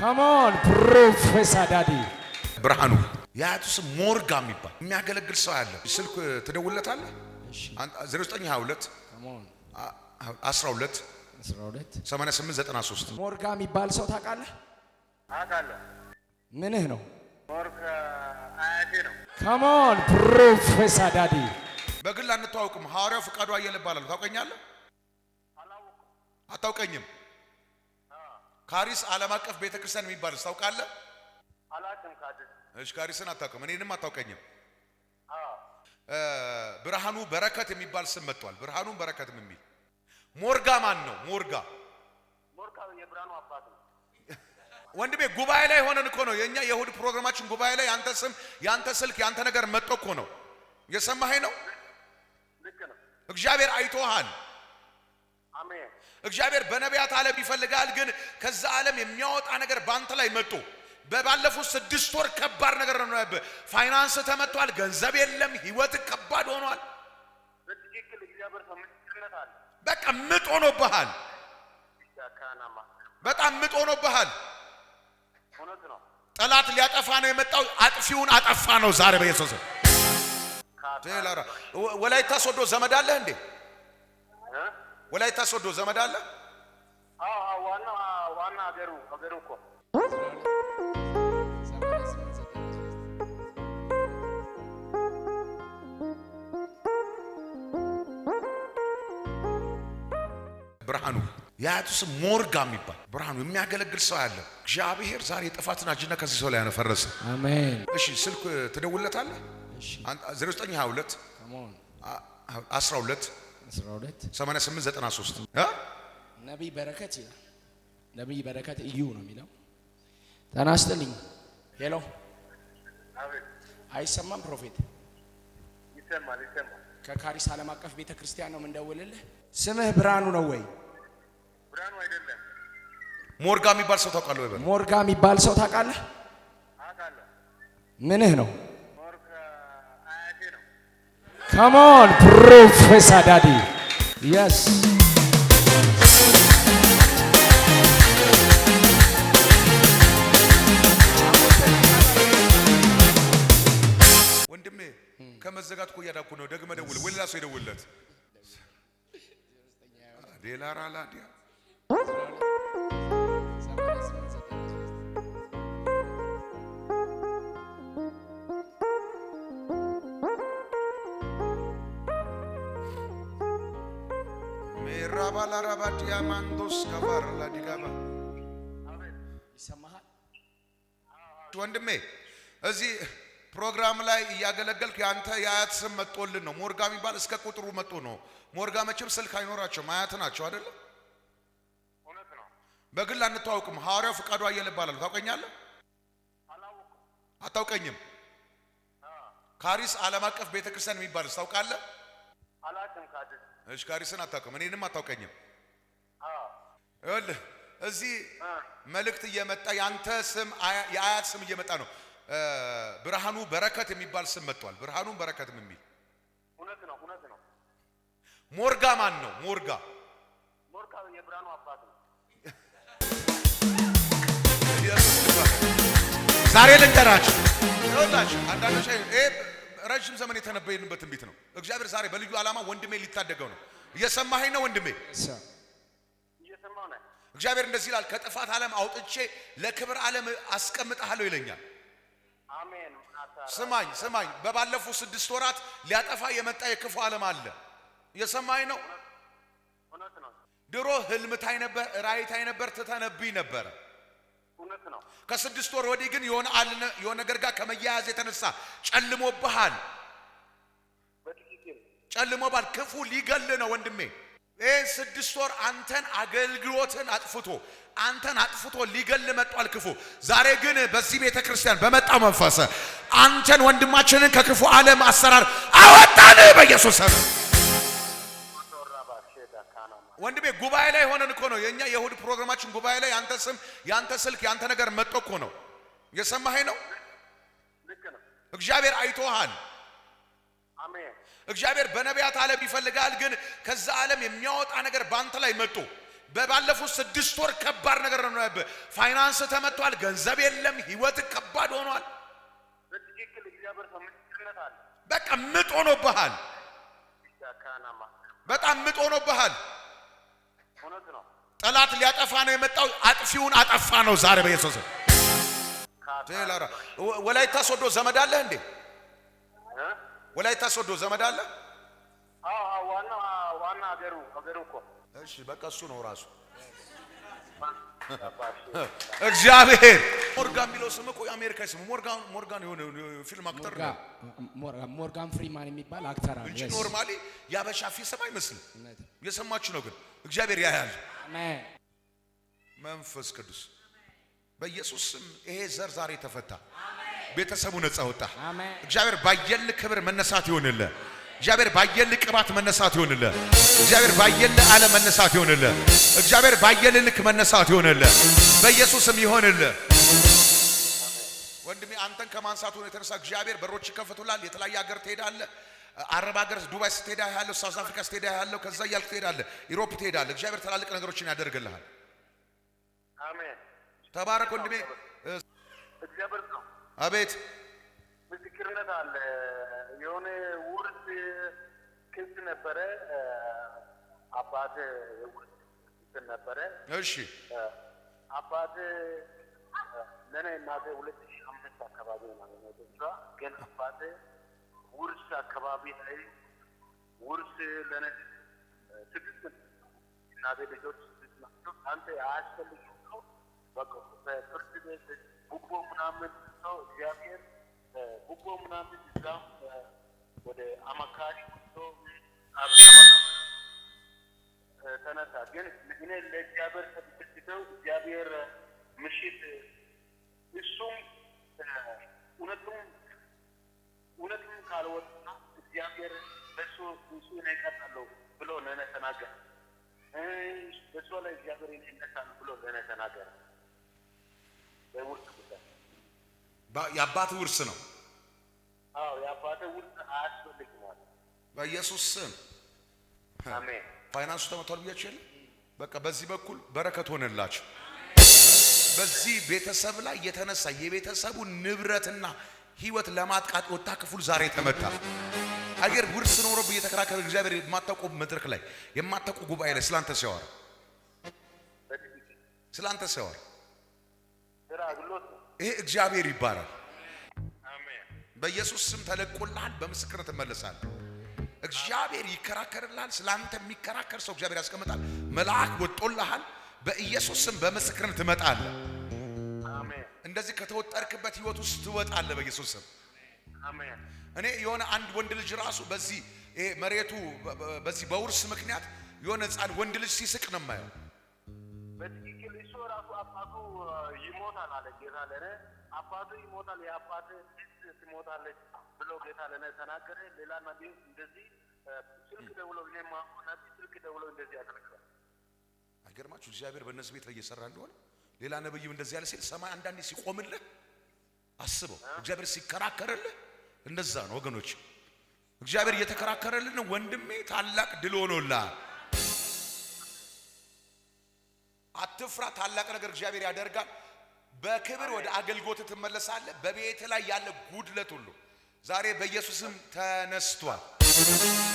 ከሞን ፕሮፌሰር ዳዲ ብርሃኑ የአያቱ ስም ሞርጋ የሚባል የሚያገለግል ሰው አለ። ስልክ ትደውልለታለህ 0922 12 ሞርጋ የሚባል ሰው ታውቃለህ? አውቃለሁ። ምንህ ነው? ሞርጋ አያቴ ነው። ከሞን ፕሮፌሰር በግል አንተዋውቅም። ሐዋርያው ፍቃዱ አየለ እባላለሁ። ታውቀኛለህ? አታውቀኝም ካሪስ ዓለም አቀፍ ቤተክርስቲያን ክርስቲያን የሚባል ታውቃለህ? አላውቅም። እሺ፣ ካሪስን አታውቅም፣ እኔንም አታውቀኝም። ብርሃኑ በረከት የሚባል ስም መጥቷል። ብርሃኑን በረከትም የሚል ሞርጋ ማን ነው? ሞርጋ ወንድሜ ጉባኤ ላይ ሆነን እኮ ነው የእኛ የእሁድ ፕሮግራማችን ጉባኤ ላይ ያንተ ስም ያንተ ስልክ ያንተ ነገር መጥቶ እኮ ነው የሰማኸኝ ነው። እግዚአብሔር አይቶሃል። አሜን እግዚአብሔር በነቢያት ዓለም ይፈልጋል፣ ግን ከዛ ዓለም የሚያወጣ ነገር ባንተ ላይ መጡ። በባለፉት ስድስት ወር ከባድ ነገር ነው ያለብህ። ፋይናንስ ተመቷል፣ ገንዘብ የለም፣ ህይወት ከባድ ሆኗል። በቃ ምጥ ሆኖብሃል፣ በጣም ምጥ ሆኖብሃል። ጠላት ሊያጠፋ ነው የመጣው፣ አጥፊውን አጠፋ ነው ዛሬ በኢየሱስ ወላይታ ሶዶ ዘመድ አለህ እንዴ? ወላይታ ሶዶ ዘመድ አለ። ዋና ዋና አገሩ አገሩ እኮ ብርሃኑ የአያቱ ስም ሞርጋ የሚባል ብርሃኑ የሚያገለግል ሰው አለ። እግዚአብሔር ዛሬ የጥፋትን አጅና ከዚህ ሰው ላይ ያነፈረሰ። አሜን። እሺ፣ ስልክ ትደውልለታለህ 0922 12 88 93 ነቢይ በረከት ይላል። ነቢይ በረከት እዩ ነው የሚለው። ተናስጥልኝ። ሄሎ አይሰማም? ፕሮፌት ይሰማል። ይሰማል። ከካሪስ ዓለም አቀፍ ቤተ ክርስቲያን ነው የምንደውልልህ። ስምህ ብርሃኑ ነው ወይ? ብርሃኑ አይደለም፣ ሞርጋ የሚባል ሰው ታውቃለህ ወይ? ሞርጋ የሚባል ሰው ታውቃለህ? ምንህ ነው ከሞን ፕሮፌሰር ዳዲ የስ ወንድሜ ከመዘጋት እኮ እያዳኩ ነው። ደግመ ደውል ወይ ሌላ ሰው ይደውልለት። ራባላራባዲያማንዶስ ከፋር ላዲጋባ ይሰማሃል ወንድሜ እዚህ ፕሮግራም ላይ እያገለገልክ የአንተ የአያት ስም መጥቶልን ነው። ሞርጋ የሚባል እስከ ቁጥሩ መጥቶ ነው። ሞርጋ መቼም ስልክ አይኖራቸውም፣ አያት ናቸው አይደለም። በግል አንተዋውቅም። ሐዋርያው ፍቃዱ አየለ እባላለሁ። ታውቀኛለህ? አታውቀኝም። ካሪስ ዓለም አቀፍ ቤተክርስቲያን የሚባልስ ታውቃለህ? አላውቅም። ካድር እሺ፣ ካሪስን አታውቅም፣ እኔንም አታውቀኝም። እልህ እዚህ መልእክት እየመጣ የአንተ ስም የአያት ስም እየመጣ ነው። ብርሃኑ በረከት የሚባል ስም መጥቷል። ብርሃኑን በረከት የሚል እውነት ነው፣ እውነት ነው። ሞርጋ ማን ነው? ሞርጋ ሞርጋ የብርሃኑ አባት ነው። ዛሬ ልንገራችሁ ይኸውላችሁ አንዳንዶች ረዥም ዘመን የተነበየንበት ትንቢት ነው። እግዚአብሔር ዛሬ በልዩ ዓላማ ወንድሜ ሊታደገው ነው። እየሰማኸኝ ነው ወንድሜ? እግዚአብሔር እንደዚህ ይላል፣ ከጥፋት ዓለም አውጥቼ ለክብር ዓለም አስቀምጠሃለሁ ይለኛል። ስማኝ ስማኝ፣ በባለፉት ስድስት ወራት ሊያጠፋ የመጣ የክፉ ዓለም አለ። እየሰማኸኝ ነው? ድሮ ህልምታይ ነበር፣ ራእይታይ ነበር፣ ትተነብይ ነበር ከስድስት ወር ወዲህ ግን የሆነ የሆነ ነገር ጋር ከመያያዝ የተነሳ ጨልሞብሃል፣ ጨልሞብሃል። ክፉ ሊገል ነው ወንድሜ። ይህ ስድስት ወር አንተን አገልግሎትን አጥፍቶ አንተን አጥፍቶ ሊገል መጧል ክፉ። ዛሬ ግን በዚህ ቤተ ክርስቲያን በመጣው መንፈስ አንተን ወንድማችንን ከክፉ ዓለም አሰራር አወጣን በኢየሱስ ወንድሜ ጉባኤ ላይ ሆነን እኮ ነው የእኛ የእሁድ ፕሮግራማችን። ጉባኤ ላይ ያንተ ስም፣ ያንተ ስልክ፣ ያንተ ነገር መጥቶ እኮ ነው። የሰማኸኝ ነው። እግዚአብሔር አይቶሃል። እግዚአብሔር በነቢያት ዓለም ይፈልጋል፣ ግን ከዛ ዓለም የሚያወጣ ነገር በአንተ ላይ መጥቶ በባለፉት ስድስት ወር ከባድ ነገር ነው። ፋይናንስ ተመቷል፣ ገንዘብ የለም፣ ህይወት ከባድ ሆኗል። በቃ ምጥ ሆኖብሃል፣ በጣም ምጥ ሆኖብሃል። ጠላት ሊያጠፋ ነው የመጣው። አጥፊውን አጠፋ ነው ዛሬ በኢየሱስ ወላይታ ሶዶ ዘመድ አለ እንዴ? ወላይታ ሶዶ ዘመድ አለ። አዎ፣ ዋና ሀገሩ እኮ እሺ፣ በቃ እሱ ነው ራሱ እግዚአብሔር ሞርጋን የሚለው ስም እኮ የአሜሪካ ስም ሞርጋን ሞርጋን የሆነ ፊልም አክተር ነው። ሞርጋን ፍሪማን የሚባል አክተር አለ እንጂ ኖርማሊ ያበሻ ፊ ስም አይመስልም። የሰማችሁ ነው ግን እግዚአብሔር ያያል። መንፈስ ቅዱስ በኢየሱስ ስም ይሄ ዘር ዛሬ ተፈታ፣ ቤተሰቡ ነጻ ወጣ። እግዚአብሔር ባየል ክብር መነሳት ይሆንልህ። እግዚአብሔር ባየል ቅባት መነሳት ይሆንል። እግዚአብሔር ባየል ዓለም መነሳት ይሆንል። እግዚአብሔር ባየል ልክ መነሳት ይሆንል። በኢየሱስም ይሆንል። ወንድሜ አንተን ሆነ የተነሳ እግዚአብሔር በሮች ይከፈቱላል። የተለያየ ሀገር ትሄዳለ አረብ ሀገር ዱባይ ስትሄዳ ያለው፣ ሳውዝ አፍሪካ ስትሄዳ ያለው፣ ከዛ እያልክ ትሄዳለህ። ኢሮፕ ትሄዳለህ። እግዚአብሔር ትላልቅ ነገሮችን ያደርግልሃል። አሜን። ተባረክ ወንድሜ። አቤት ምስክርነት አለ። የሆነ ውርስ ክስ ነበረ። አባት ውርስ ክስ ነበረ። እሺ አባት ለእኔ እናቴ ሁለት ሺህ አምስት አካባቢ ናገኘቷ። ግን አባት ውርስ አካባቢ ላይ ውርስ ለእኔ ስድስት እናቴ ልጆች ስድስት ናቸው። አንተ አያስፈልግ በፍርድ ቤት ጉቦ ምናምን ሰው እግዚአብሔር ጉቦ ምናምን እዛም ወደ አማካሪ ተነሳ። ግን እኔ ለእግዚአብሔር ተብስስተው እግዚአብሔር ምሽት እሱም እውነቱም እውነቱም ካልወጣ እግዚአብሔር በሱ እሱ ነ ይቀጣለሁ ብሎ ለነ ተናገረ። በሱ ላይ እግዚአብሔር ይነሳ ነው ብሎ ለነ ተናገረ። ጉዳይ የአባት ውርስ ነው። መፋተው አያስፈልግም። በኢየሱስ ስም አሜን። ፋይናንሱ ተመቷል ብያችሁ የለ በቃ በዚህ በኩል በረከት ሆነላችሁ። በዚህ ቤተሰብ ላይ የተነሳ የቤተሰቡን ንብረትና ህይወት ለማጥቃት ወጣ ክፉል ዛሬ ተመታ። አገር ውርስ ኖሮ እየተከራከረ እግዚአብሔር የማታውቁ መድረክ ላይ የማታውቁ ጉባኤ ላይ ስላንተ ሲያወራ ስላንተ ሲያወራ ይሄ እግዚአብሔር ይባላል። በኢየሱስ ስም ተለቆልሃል። በምስክር ትመለሳል። እግዚአብሔር ይከራከርልሃል። ስለአንተ የሚከራከር ሰው እግዚአብሔር ያስቀምጣል። መልአክ ወጦልሃል። በኢየሱስ ስም በምስክርን ትመጣለህ። እንደዚህ ከተወጠርክበት ህይወት ውስጥ ትወጣለ በኢየሱስ ስም። እኔ የሆነ አንድ ወንድ ልጅ ራሱ በዚህ ይሄ መሬቱ በዚህ በውርስ ምክንያት የሆነ ህፃን ወንድ ልጅ ሲስቅ ነው የማየው። በትክክል እሱ ራሱ አባቱ ይሞታል አለ ጌታ አባቱ ይሞታል፣ የአባት ሚስት ትሞታለች ብሎ ጌታ ለነ ተናገረ። ሌላ ነቢ እንደዚህ ስልክ ደውሎ እኔማ ነቢ ስልክ ደውሎ እንደዚህ ያደርጋል። አይገርማችሁ? እግዚአብሔር በእነዚህ ቤት ላይ እየሰራ እንደሆነ ሌላ ነብይም እንደዚህ ያለ ሲል ሰማይ አንዳንዴ ሲቆምልህ አስበው። እግዚአብሔር ሲከራከርልህ እንደዛ ነው ወገኖች። እግዚአብሔር እየተከራከረልን ወንድሜ ታላቅ ድል ሆኖላ አትፍራ። ታላቅ ነገር እግዚአብሔር ያደርጋል። በክብር ወደ አገልግሎት ትመለሳለህ። በቤት ላይ ያለ ጉድለት ሁሉ ዛሬ በኢየሱስም ተነስቷል።